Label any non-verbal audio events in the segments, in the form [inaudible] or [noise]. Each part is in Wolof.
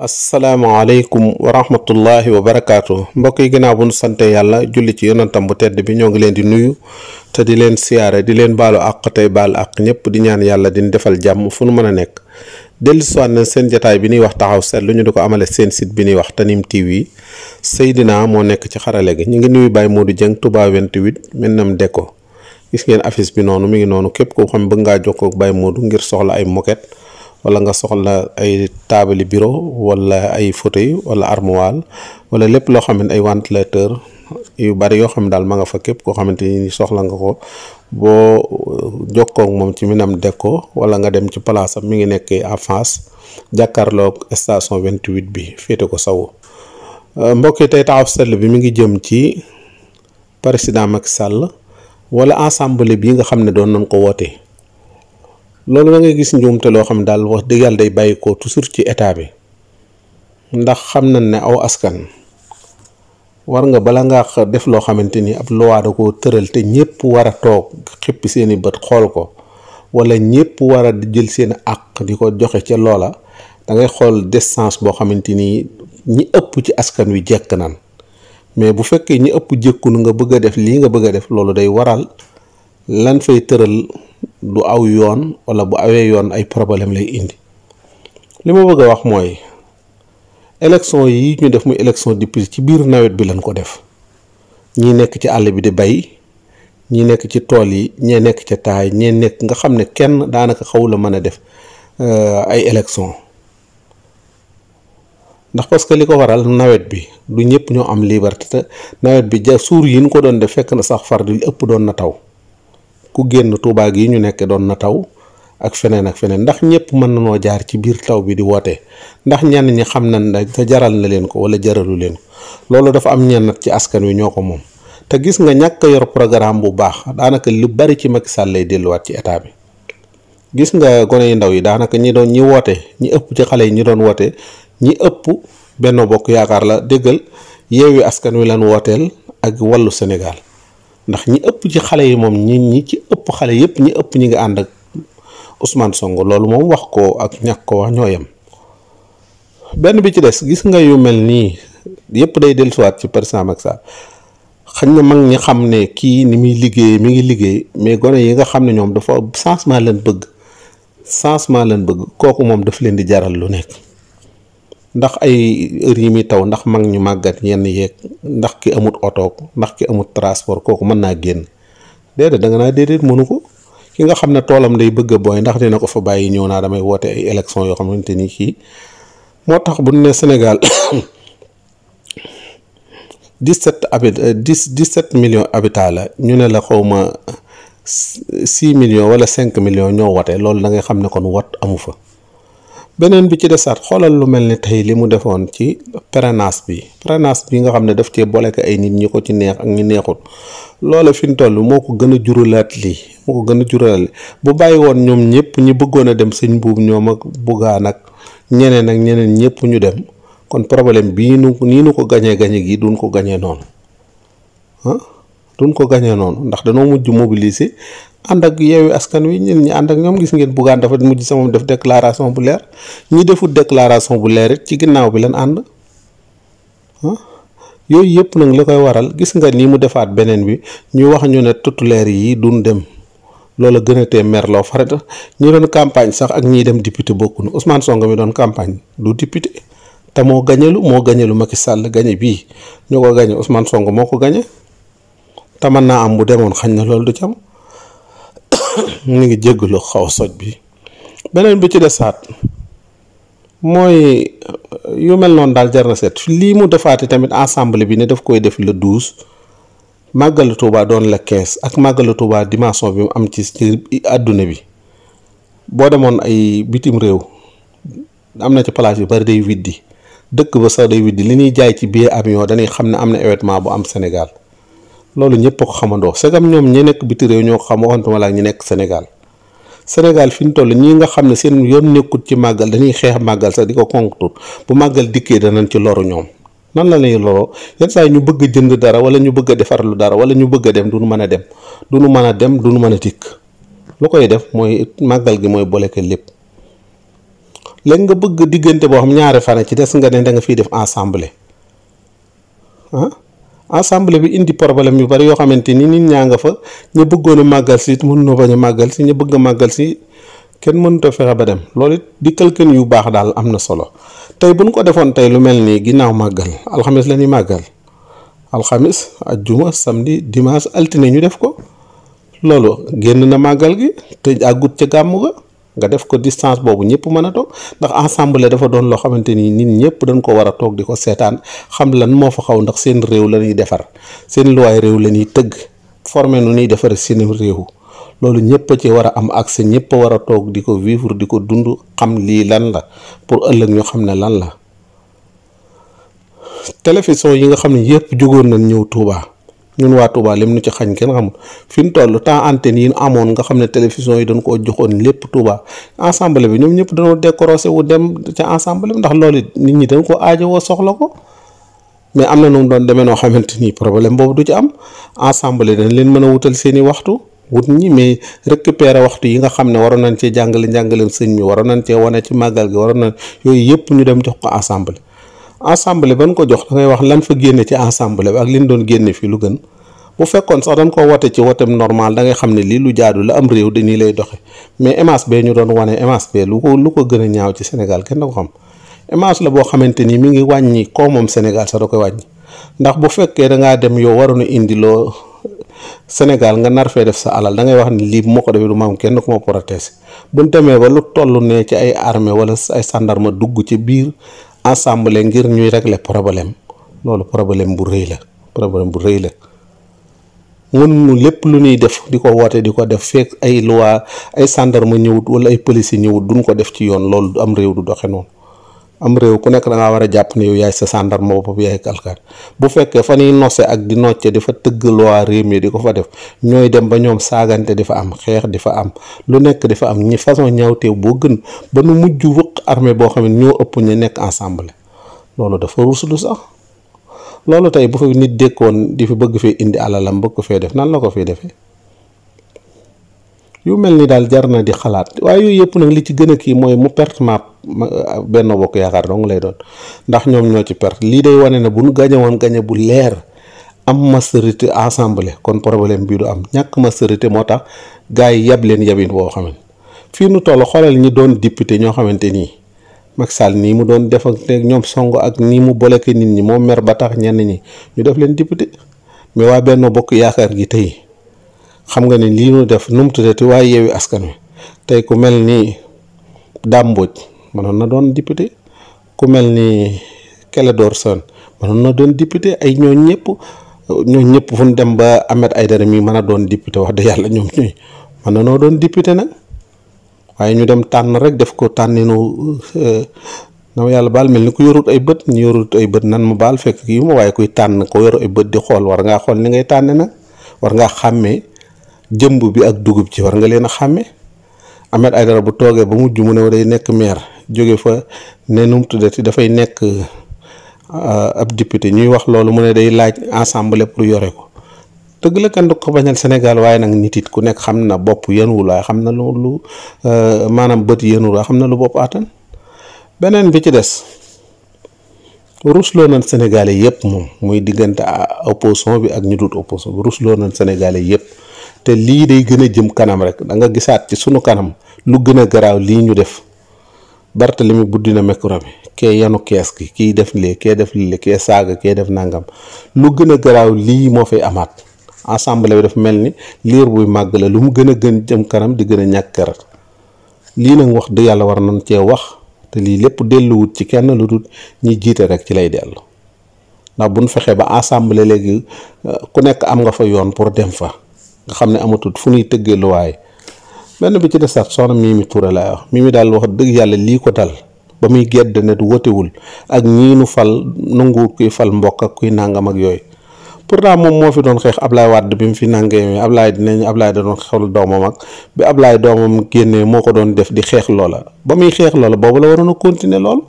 asalaamaaleykum wa rahmatullahi wa barakaatu mbokk yi ginnaaw bu nu sante yàlla julli ci yonantam bu tedd bi ñoo ngi leen di nuyu te di leen siyaare di leen baalo àq tey baal àq ñëpp di ñaan yàlla di defal jàmm fu nu mën a nekk. dellusiwaat nañ seen jataay bi ñuy wax taxaw seet lu ñu di ko amale seen sit bi nuy wax tiiw Tanime TV Seydina moo nekk ci xarale gi ñu ngi nuyu Baye Modou Dieng Touba 28 Minam Deko gis ngeen affiche bi noonu mi ngi noonu képp koo xam bëgg ngaa jokkoo ak Baye Modou ngir soxla ay moquette. wala nga soxla ay taabali bureau wala ay fauteuil wala armoire wala lépp loo xam ne ay ventilateur yu bari yoo xam ne daal ma nga fa képp koo xamante ni soxla nga ko boo euh, jokkoog moom ci Minam Déco wala nga dem ci place am mi ngi nekk en face jàkkaarloog station 28 bi féete ko sawu euh, mbokk yi tey taxaw seetlu bi mi ngi jëm ci président mag Sall wala ensemble bi nga xam ne doon nañ ko wootee loolu da ngay gis njuumte loo xam daal wax dëgg yàlla day bàyyi ko toujours ci état bi ndax xam nañ ne aw askan war nga bala ngaa def loo xamante ni ab loi da koo tëral te ñëpp war a toog xippi seeni bët xool ko wala ñëpp war a jël seen àq di ko joxe ca loola da ngay xool distance boo xamante ni ñi ëpp ci askan wi jekk nan mais bu fekkee ñi ëpp jékkunu nga bëgg a def lii nga bëgg a def loolu day waral lan fay tëral. du aw yoon wala bu awee yoon ay problème lay indi li ma bëgg a wax mooy élection yi ñu def muy élection député ci biir nawet bi lan ko def ñi nekk ci àll bi di bay ñi nekk ci tool yi ñee nekk ca taay ñee nekk nga xam ne kenn daanaka xawula mën a def euh, ay élection ndax parce que li ko waral nawet bi du ñëpp ñoo am liberté te nawet bi ja suur yi ñu ko doon def fekk na sax far di ëpp doon na taw ku génn Touba gi ñu nekkee doon na taw ak feneen ak feneen ndax ñëpp mën nanoo jaar ci biir taw bi di woote ndax ñenn ñi xam na ne te jaral na leen ko wala jaralu leen ko loolu dafa am ñennat ci askan wi ñoo ko moom te gis nga ñàkk yor programme bu baax daanaka lu bari ci Macky Sall lay delluwaat ci état bi gis nga gone yu ndaw yi daanaka ñi doon ñi woote ñi ëpp ci xale yi ñi doon woote ñi ëpp benn Bokk Yaakaar la déggal Yewwi Askan Wi lan wooteel ak Wallu Sénégal ndax ñi ëpp ci xale yi moom ñi ñi ci ëpp xale yëpp ñi ëpp ñi ngi ànd ak Ousmane Sonko loolu moom wax ko ak ñàkk ko wax ñoo yem benn bi ci des gis nga yu mel nii yëpp day dellusiwaat ci président ak Sall xañ na mag ñi xam ne kii ni muy liggéey mi ngi liggéey mais gone yi nga xam ne ñoom dafa changement leen bëgg changement leen bëgg kooku moom daf leen di jaral lu nekk. ndax ay heures yi muy taw ndax mag ñu màggat yenn yéeg ndax ki amut oto ndax ki amut trasport kooku mën naa génn déedéet da nga naa déedéet mënu ko ki nga xam ne toolam day bëgg a booy ndax dina ko fa bàyyi ñëw naa damay woote ay élection yoo xamante ni kii moo tax bu ne Sénégal 17 [coughs] habit 10 17 million habitants la ñu ne la xawma 6 million wala 5 million ñoo wote loolu da ngay xam ne kon woot amu fa. beneen bi ci desaat xoolal lu mel ni tey li mu defoon ci parrainage bi parrainage bi nga xam ne daf cee boole ay nit ñi ko ci neex ak ñi neexut loola fi mu toll moo ko gën a juralaat lii moo ko gën a juralaat bu bàyyi woon ñoom ñëpp ñi bëggoon a dem sëñ buub ñoom ak buggaan ak ñeneen ak ñeneen ñëpp ñu dem kon problème bii nu nii nu ko gañee gañe gi duñ ko gañee noonu ah. duñ ko gañee noonu ndax danoo mujj mobiliser ànd ak yeewi askan wi ñun ñi ànd ak ñoom gis ngeen buggaan dafa mujj sama def déclaration bu leer ñi deful déclaration bu leer it ci ginnaaw bi leen ànd ah. yooyu yëpp nag la koy waral gis nga ni mu defaat beneen bi ñu wax ñu ne leer yi duñ dem loola gën a tee merloo farata ñu doon campagne sax ak ñii dem député bokkuñu Ousmane Sonko mi doon campagne du député te moo gañelu moo gañelu Macky Sall gañe bii ñu ko gañe Ousmane Sonko moo ko gañe te mën naa am bu demoon xañ na loolu du ci mu [coughs] ngi jégalu xaw soj bi beneen bi ci desaat mooy euh, yu mel noon daal jar na seet lii mu defaati tamit ensemble bi ne daf koy def le douze màggalu Tuubaa doon la quinze ak màggalu Tuubaa dimension bi mu am ci ci àdduna bi boo demoon ay bitim réew am na ci place yu bari day widdi dëkk ba sax day widdi li ñuy jaay ci billet avion dañuy xam ne am na événement bu am Sénégal loolu ñëpp a ko xamandoo segam ñoom ñi nekk biti réew ñoo xam waxantuma laa ñu nekk Sénégal Sénégal fi ñu toll ñii nga xam ne seen yoon nekkut ci màggal dañuy xeex màggal sax di ko konkutur bu màggal dikkee danañ ci loru ñoom nan la lañuy loroo yenn saa ñu bëgg a jënd dara wala ñu bëgg a defar lu dara wala ñu bëgg a dem duñu mën a dem duñu mën a dem duñu mën a dikk lu koy def mooy màggal gi mooy boleke lépp léegi nga bëgg diggante boo xam ñaari fan a ci des nga ne da fiy def ensemble ah assemblée bi indi problème yu bari yoo xamante ni nit ñaa nga fa ñu bëggoon a màggal si mën na bañ a màggal si ñu bëgg a màggal si kenn mënut fexe ba dem lool it di këlkën yu baax daal am na solo tey bu ñu ko defoon tey lu mel nii ginnaaw màggal alxamis la ñuy màggal alxamis ajjuma samedi dimanche altine ñu def ko loolu génn na màggal gi te àggut ca gàmmu ga nga def ko distance boobu ñëpp mën a toog ndax ensemble dafa doon loo xamante ni nit ñëpp dañ ko war a toog di ko seetaan xam lan moo fa xaw ndax seen réew la ñuy defar seen luwaay réew la ñuy tëgg formé nu nuy defar seen réew loolu ñëpp ci war a am accès ñëpp war a toog di ko vivre di ko dund xam lii lan la pour ëllëg ñu xam ne lan la télévision yi nga xam ne yëpp jugoon nañ ñëw tuubaa ñun waa Touba lim nu ci xañ kenn xamul fi mu toll temps antenne yi amoon nga xam ne télévision yi dañ koo joxoon lépp Touba ensemble bi ñoom ñëpp dañoo décorosé wu dem ca ensemble bi ndax loolu nit ñi dañ ko aajowoo soxla ko mais am na nu doon demee noo xamante ni problème boobu du ci am ensemble dañ leen mën a wutal seen i waxtu wut ñi mais récupérer waxtu yi nga xam ne waroon nañ cee jàngale njàngaleem sëñ mi waroon nañ cee wane ci màggal gi waroon nañ yooyu yëpp ñu dem jox ko ensemble. ensemble ban ko jox da wax lan fa génne ci ensemble bi ak liñ doon génne fii lu gën bu fekkoon sax dañ ko wote ci wotem normal da ngay xam ne lii lu jaadu la am réew dañuy lay doxe mais bee ñu doon wane MHB lu ko lu ko gën a ñaaw ci Sénégal kenn da ko xam MH la boo xamante ni mi ngi wàññi koomam Sénégal sax da ko wàññi ndax bu fekkee da ngaa dem yow waroon a indi loo Sénégal nga nar fee def sa alal da ngay wax ni lii moo ko defee du ma am kenn ku ma protesté buñ demee ba lu toll ci ay armée wala ay sandarma dugg ci biir assemblée ngir ñuy régler problème loolu problème bu rëy la problème bu rëy la mënuñu lépp lu nuy def di ko wootee di ko def fekk ay loi ay gendarme ñëwut wala ay police ñëwut duñ ko def ci yoon loolu du am réew du doxe noonu am réew ku nekk da war a jàpp ne yow yaay sa sàndarma boobu yaay alkaat bu fekkee fa ñuy nose ak di nocce di fa tëgg loi réew mi di ko fa def ñooy dem ba ñoom saagante di fa am xeex di fa am lu nekk di fa am ñi façon ñaawteew boo gën ba nu mujj wëq armée boo xam ne ñoo ëpp ñu nekk ensemble loolu dafa ruslu sax loolu tey bu fa nit dëkkoon di fi bëgg fee indi alalam bëgg ko fee def nan la ko fee defee yu mel ni daal jar na di xalaat waaye yooyu yëpp nag li ci gën kii mooy mu perte Benno Bokk Yaakaar dong lay doon ndax ñoom ñoo ci perte lii day wane ne bu nu woon gañe bu leer am majorité assemblée kon problème bii du am ñàkk majorité moo tax gars yi yab leen yabin boo xam ne fii nu toll xoolal ñi doon député ñoo xamante nii Macky Sall nii mu doon def ñoom song ak nii mu boole nit ñi moom mer ba tax ñenn ñi ñu def leen député mais waa Benno Bokk Yaakaar gi tey xam nga ne lii nu def nu mu tuddati waa yeewi askan wi tey ku mel nii Dame Mbodj mënoon na doon député ku mel ni Clédor Sène mënoon na doon député ay ñoo ñëpp ñoo ñëpp fu ñu dem ba Ahmed Aïdara mi mën a doon député wax dëgg yàlla ñoom ñuy mën na noo doon député nag waaye ñu dem tànn rek def ko tànninu euh, na ma yàlla baal mel ni ku yorut ay bët ñu yorut ay bët nan ma baal fekk kii ma waaye kuy tànn ko yor ay bët di xool war ngaa xool ni ngay tànne nag war ngaa xàmmee jëmb bi ak dugub ci war nga leen a xàmmee Ahmed Aïdara bu toogee ba mujj mu ne day nekk maire jóge fa ne nu mu tuddati dafay nekk euh, ab député ñuy wax loolu mu ne day laaj assemblée pour yore ko dëgg la kan du ko bañal Sénégal waaye nag nit ku nekk xam na bopp yéen wulaay xam na lu lu euh, maanaam bët yéen wulaay xam na lu bopp attan beneen bi ci des rusloo na Sénégalais yëpp moom muy diggante opposition bi ak ñu dut opposition bi rusloo nañ Sénégalais yëpp te lii day gën a jëm kanam rek da nga gisaat ci suñu kanam lu gën a garaaw lii ñu def. Barthélemy buddi na micro bi kee yanu kees gi kii def lii kee def lii kee saaga kee def nangam lu gën a garaaw lii moo fay amaat assemblée bi daf mel ni liir buy màgg la lu mu gën a gën jëm kanam di gën a ñàkk keroog lii nag wax du yàlla war nañ cee wax te lii lépp delluwut ci kenn lu dul ñi jiite rek ci lay dellu ndax bu nu fexee ba assemblée léegi euh, ku nekk am nga fa yoon pour dem fa nga xam ne amatul fu ñuy tëggee luwaay. benn bi ci desaat soxna Mimi Touré laa wax mi daal wax dëgg yàlla lii ko dal ba muy gedd ne du wotewul ak ñii fal nanguwut kuy fal mbokk ak kuy nàngam ak yooyu pour pourtant moom moo fi doon xeex Ablaye Wade bi mu fi nàngee Ablaye dinañ Ablaye da doon xewal doomam ak bi Ablaye doomam génnee moo ko doon def di xeex loola ba muy xeex loola boobu la waroon a continuer lool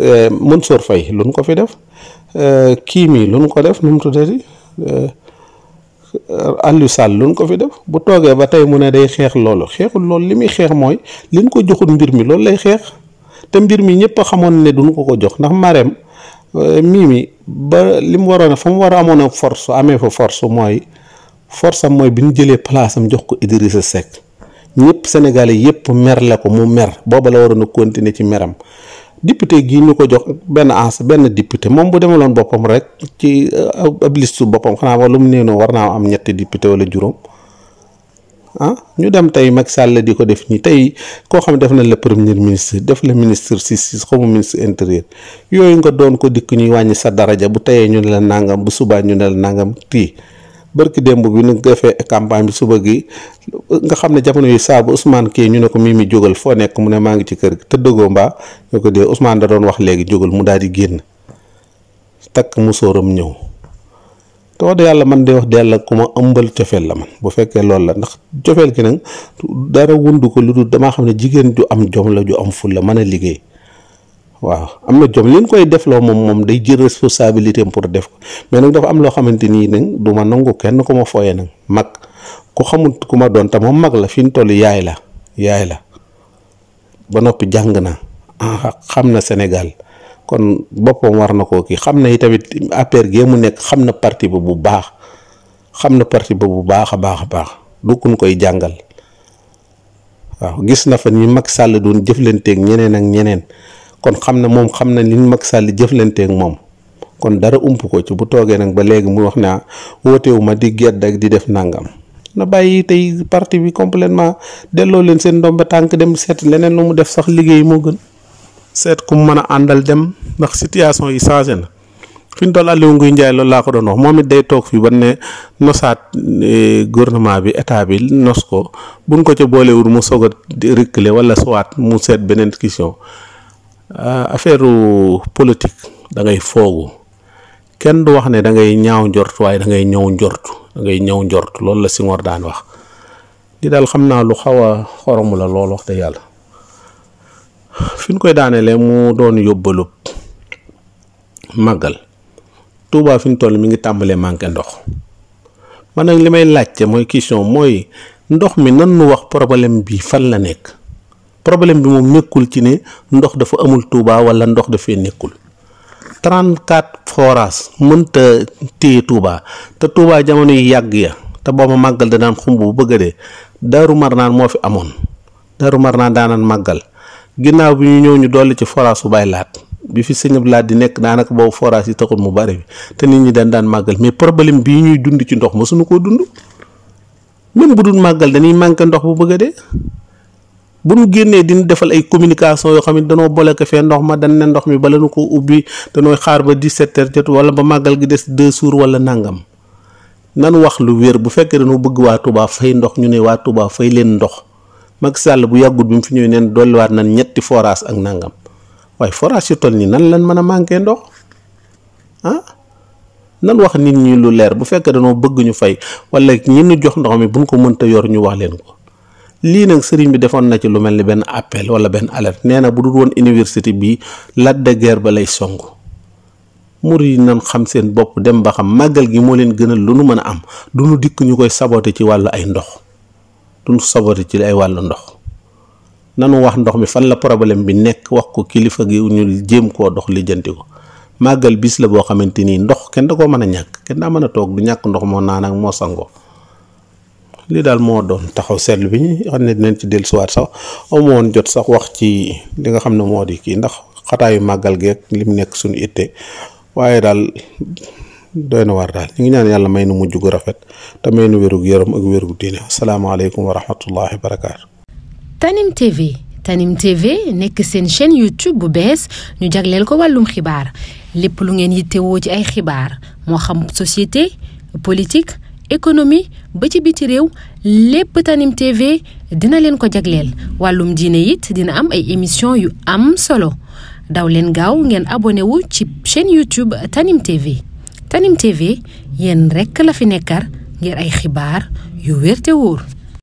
eh, Mansour Faye lu nu ko fi def eh, kii mi lu nu ko def nu mu tuddati eh, Aliou Sall luñ ko fi def bu toogee ba tey mu ne day xeex loolu xeexul lool li muy xeex mooy liñ ko joxul mbir mi loolu lay xeex te mbir mi ñëpp a xamoon ne duñ ko ko jox ndax Marème mii euh, mi ba li mu waroon fa mu war a amoon a force amee fa force mooy force am mooy bi ñu jëlee place am jox ko Idrissa Seck ñëpp Sénégalais yëpp mer la ko mu mer booba la waroon a continuer ci meram député gii ñu ko jox benn ans benn député moom bu demaloon boppam rek ci euh, ab listu boppam xanaa wala mu neenoo war naa am ñetti député wala juróom ah ñu dem tey mag sàll di ko def nii tey koo xam def na le premier ministre def la ministre si si xomu ministre intérieur yooyu nga doon ko dikk ñuy wàññi sa daraja bu teyee ñu ne la nangam bu subaa ñu ne la nangam tii bërki démb bi nu defee campagne bi suba gi nga xam ne jamono yu saabu Ousmane kii ñu ne ko mii mi jógal foo nekk mu ne maa ngi ci kër gi tëddagoo mbaa ñu ko dee usmaan da doon wax léegi jógal mu daal di génn takk musóoram ñëw te wax dëgg yàlla man de wax dëgg yàlla ku ma ëmbal cofeel la man bu fekkee loolu la ndax cofeel gi nag dara wundu ko lu dul damaa xam ne jigéen ju am jom la ju am ful la mën a liggéey waaw am na jom li ñu koy defloo moom moom day jël responsabilité am pour def ko mais nag dafa am loo xamante nii nag du ma nangu kenn ku ma fooyee nag mag ku xamul ku ma doon te moom mag la fi ñu toll yaay la yaay la ba noppi jàng na ah, xam na Sénégal kon boppam war na koo kii xam na yi tamit APR gee mu nekk xam na parti ba bu baax xam na parti ba bu baax a baax a baax du kuñ koy jàngal waaw gis na fa ni Macky Sall doon jëflanteeg ñeneen ak ñeneen. kon xam na moom xam na li mag Sall jëflanteeg moom kon dara ump ko ci bu toogee nag ba léegi mu wax naa wootewu ma di gedd ak di def nangam na bàyyi tey parti bi complètement delloo leen seen doom ba tànk dem seet leneen lu mu def sax liggéey moo gën. seet ku mu mën a àndal dem ndax situation yi changé na fi ñu toll Aliou Nguy Ndiaye loolu laa ko doon wax moom it day toog fii ba ne nosaat eh, gouvernement bi état bi nos ko buñ ko ca boolewul mu soog a reculer wala soit mu seet beneen question. Euh, affaire politique dangay ngay foogu kenn du wax ne dangay ngay ñaaw njort waaye da ngay ñëw njort da ngay ñëw njort loolu la Senghor daan wax di daal xam naa lu xaw a xoromu la lool te yàlla fi ñu koy daanelee mu doon yóbbalub màggal Touba fi ñu toll mi ngi tàmbalee manqué ndox man nag li may laajte mooy question mooy ndox mi nan nu wax problème bii fan la nekk. problème bi moom nekkul ci ne ndox dafa amul Touba wala ndox dafee nekkul 34 forages mënta téye Touba te Touba jamono yi yàgg ya te booba màggal da daan xumb bu bëgg a dee Daaru Marnaan moo fi amoon Daaru daa daanaan màggal ginnaaw bi ñu ñëw ñu dolli ci forage bu bay laat bi fi sëñ laat di nekk daanaka boobu forage yi taxul mu bari bi te nit ñi dañ daan màggal mais problème bii ñuy dund ci ndox ma suñu koo dund même bu dul màggal dañuy manqué ndox bu bëgg bu nu génnee dina defal ay communication yoo xam ne danoo bole ko fee ndox ma dan ne ndox mi bala nu ko ubbi danooy xaar ba di heures jot wala ba màggal gi des deux jours wala nangam nan wax lu wér bu fekkee dañoo bëgg waa Touba fay ndox ñu ne waa Touba fay leen ndox Macky Sall bu yàggut bi fi ñëwee neen dolliwaat nan ñetti forage ak nangam waaye forage yu toll nii nan lan mën a manqué ndox ah nan wax nit ñi lu leer bu fekkee dañoo bëgg ñu fay wala ñi ñu jox ndox mi buñ ko mënta yor ñu wax leen ko. lii nag sëriñ bi defoon na ci lu mel ni benn appel wala benn alerte nee bu dul woon université bii Lac de ba lay song murid yi nan xam seen bopp dem ba xam màggal gi moo leen gënal lu nu mën a am du nu dikk ñu koy saboté ci wàllu ay ndox du nu saboté ci ay wàllu ndox nanu wax ndox mi fan la problème bi nekk wax ko kilifa gi ñu jéem koo dox lijjanti ko màggal bis la boo xamante nii ndox kenn da koo mën a ñàkk kenn daa mën a toog du ñàkk ndox moo naan ak moo sangoo li daal moo doon taxaw seetlu bi xam ne dinañ ci dellusiwaat sax amoon jot sax wax ci li nga xam ne moo di kii ndax xataayu màggal geeg li mu nekk suñu itte waaye daal doy na waar daal ñu ngi ñaan yàlla may nu mujj gu rafet te may nu wérug yaram ak wérug diine asalaamaaleykum wa rahmatullahi wa barakaatu. Tanim TV Tanim TV nekk seen chaîne YouTube bu bees ñu jagleel ko wàllum xibaar lépp lu ngeen yittewoo ci ay xibaar moo xam société politique. économie ba ci biti réew lépp Tanim dina leen ko jagleel wàllum diine it dina am ay émission yu am solo daw leen gaaw ngeen abonné wu ci chaîne YouTube Tanim TV Tanim TV yéen rekk la fi nekkar ngir ay xibaar yu wér woor